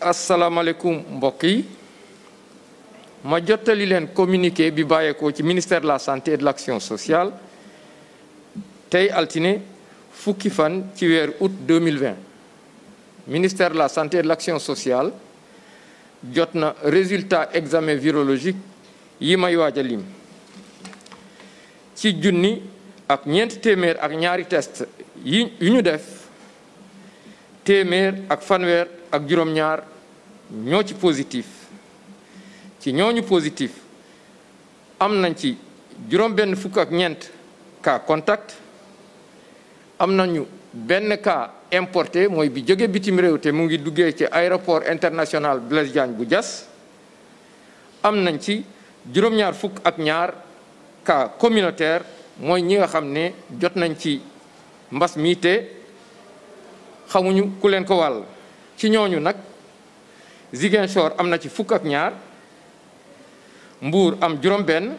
asalaamaaleykum mbokk yi ma jottali leen communique bi bàyyeekoo ci ministère de la santé et de l'action sociale tey altine fukki fan ci weer août 2020 ministère de la santé et de l'action sociale jot na résultat examen virologique yi may waaj lim ci junni ak ñeenti téeméer ak ñaari test yi yu ñu def téeméer ak fanweer ak juróom-ñaar ñoo ci positif ci ñooñu positif am nañ ci juróom-benn fukk ak ñeent ka contact am nañu benn ka importé mooy bi jóge bitim réew te mu ngi duggee ci aéroport international Blaise Diagne bu jas am nañ ci juróom-ñaar fukk ak ñaar ka communautaire mooy ñi nga xam ne jot nañ ci mbas mi te xamuñu ku leen ko wàll ci ñooñu nag Ziguinchor am na ci fukk ak ñaar Mbour am juróom-benn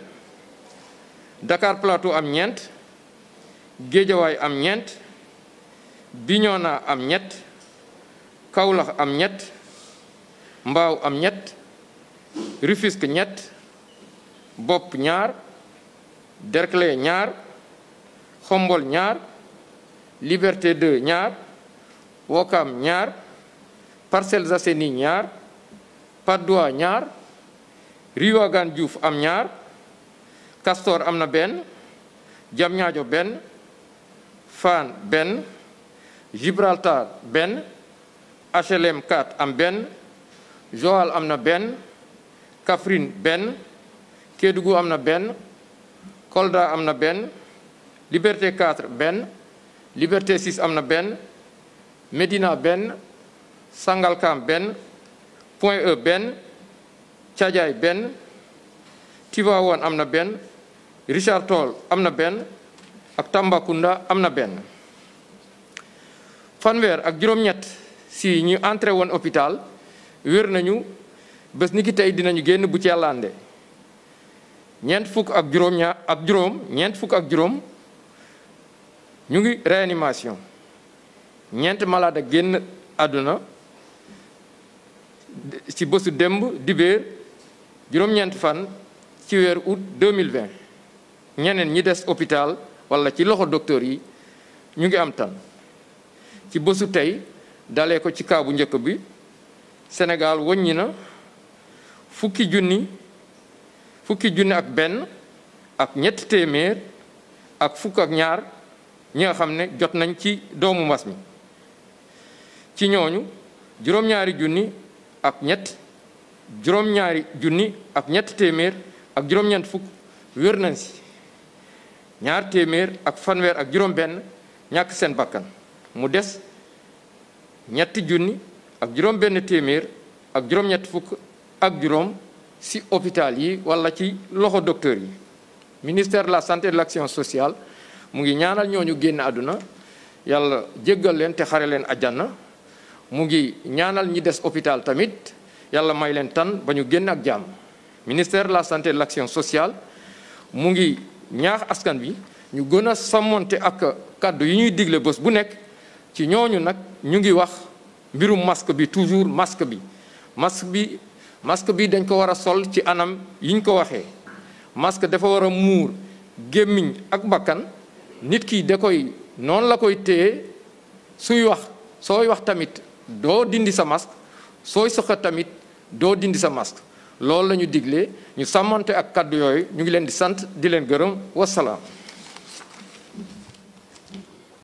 Dakar Plateau am ñeent Géejawaay am ñeent Bignona am ñett Kaolack am ñett Mbaaw am ñett Rufisque ñett Bopp ñaar Derklé ñaar Xombol ñaar Liberté 2 ñaar Wokam ñaar Parcelles Assainies ñaar Patte ñaar Rue Ouagane Diouf am ñaar Castor am na benn Diamniadio benn Fann benn Gibraltar benn HLM am benn Joal am na benn Kaffrine benn Kédougou am na benn Kolda am na benn Liberté 4 benn Liberté 6 am na benn Médina benn Sangalkam benn Point E benn Thiadiaye benn Tivaouane am na benn Richard Toll am na benn ak Tambacounda am na benn fanweer ak juróom-ñett si ñu entré woon hôpital wér nañu bés ni ki tey dinañu génn bu ci yàlla ànde ñeent fukk ak juróom ñaar ak juróom ñeent fukk ak juróom ñu ngi réanimation ñeent malade génn àdduna ci bësu démb dibéer juróom-ñeent fan ci weer août ñeneen ñi des hôpital wala ci loxo docteur yi ñu ngi am tan ci bësu tey dalee ko ci kaabu njëkk bi senegaal wàññi na fukki junni fukki junni ak benn ak ñetti téeméer ak fukk ak ñaar ñi xam ne jot nañ ci doomu mbas mi ci ñooñu juróom-ñaari junni ak ñett juróom-ñaari junni ak ñett téeméer ak juróom-ñeent fukk wér nañ si ñaar téeméer ak fanweer ak juróom-benn ñàkk seen bakkan mu des ñetti junni ak juróom-benn téeméer ak juróom-ñett fukk ak juróom ci hôpital yi wala ci loxo docteur yi ministère de la santé de l'action sociale mu ngi ñaanal ñooñu génn àdduna yàlla jéggal leen te xare leen àjjana mu ngi ñaanal ñi des hôpital tamit yàlla may leen tan ba ñu génn ak jàmm ministère la santé de l'action sociale mu ngi ñaax askan bi ñu gën a sàmmonte ak kàddu yi ñuy digle bës bu nekk ci ñooñu nag ñu ngi wax mbirum masque bi toujours masque bi masque bi masque bi dañ ko war a sol ci anam yi ñu ko waxee masque dafa war a muur gémmiñ ak bakkan nit ki da koy noonu la koy téye suy wax sooy wax tamit doo dindi sa masque sooy sëqat tamit doo dindi sa masque loolu la ñu digle ñu sàmmante ak kàddu yooyu ñu ngi leen di sant di leen gërëm wasalaam.